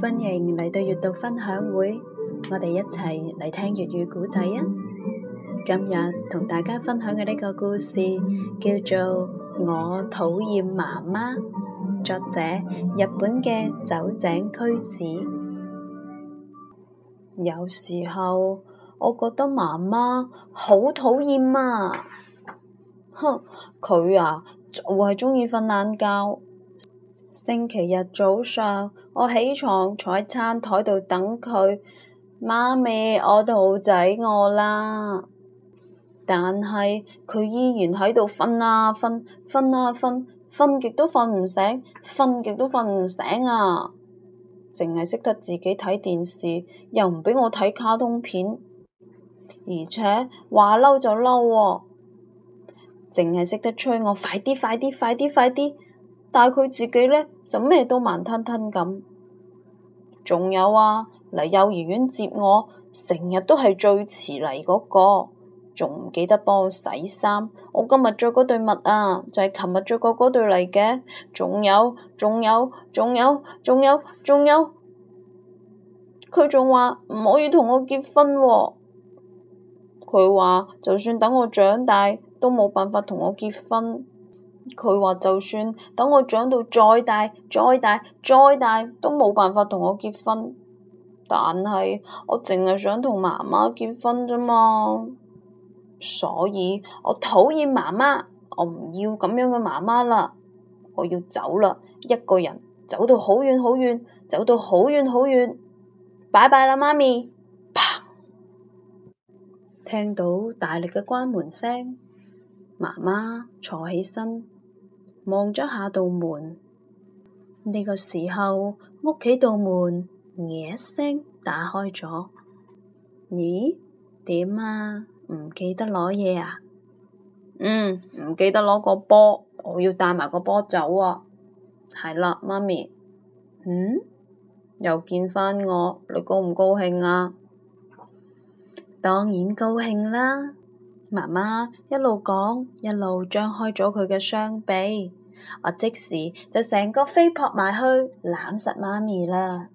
歡迎嚟到閱讀分享會，我哋一齊嚟聽粵語故仔啊！今日同大家分享嘅呢個故事叫做《我討厭媽媽》，作者日本嘅酒井區子。有時候我覺得媽媽好討厭啊！哼，佢啊就係鍾意瞓懶覺。星期日早上，我起床坐喺餐台度等佢媽咪，我肚仔餓啦。但係佢依然喺度瞓啊，瞓瞓啊，瞓瞓極都瞓唔醒，瞓極都瞓唔醒啊！淨係識得自己睇電視，又唔畀我睇卡通片，而且話嬲就嬲，淨係識得催我快啲、快啲、快啲、快啲，但係佢自己呢，就咩都慢吞吞咁，仲有啊，嚟幼兒園接我，成日都係最遲嚟嗰個，仲唔記得幫我洗衫。我今日着嗰對襪啊，就係琴日着過嗰對嚟嘅。仲有，仲有，仲有，仲有，仲有，佢仲話唔可以同我結婚喎。佢話就算等我長大，都冇辦法同我結婚。佢話就算等我長到再大、再大、再大，都冇辦法同我結婚。但係我淨係想同媽媽結婚啫嘛，所以我討厭媽媽，我唔要咁樣嘅媽媽啦，我要走啦，一個人走到好遠好遠，走到好遠好遠，拜拜啦，媽咪，啪，聽到大力嘅關門聲。媽媽坐起身，望咗下道門。呢個時候，屋企道門嘢一聲打開咗。咦？點啊？唔記得攞嘢啊？嗯，唔記得攞個波，我要帶埋個波走啊。係啦，媽咪。嗯？又見翻我，你高唔高興啊？當然高興啦。媽媽一路講，一路張開咗佢嘅雙臂，我即時就成個飛撲埋去攬實媽咪啦。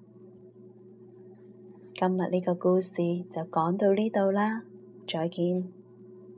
今日呢個故事就講到呢度啦，再見。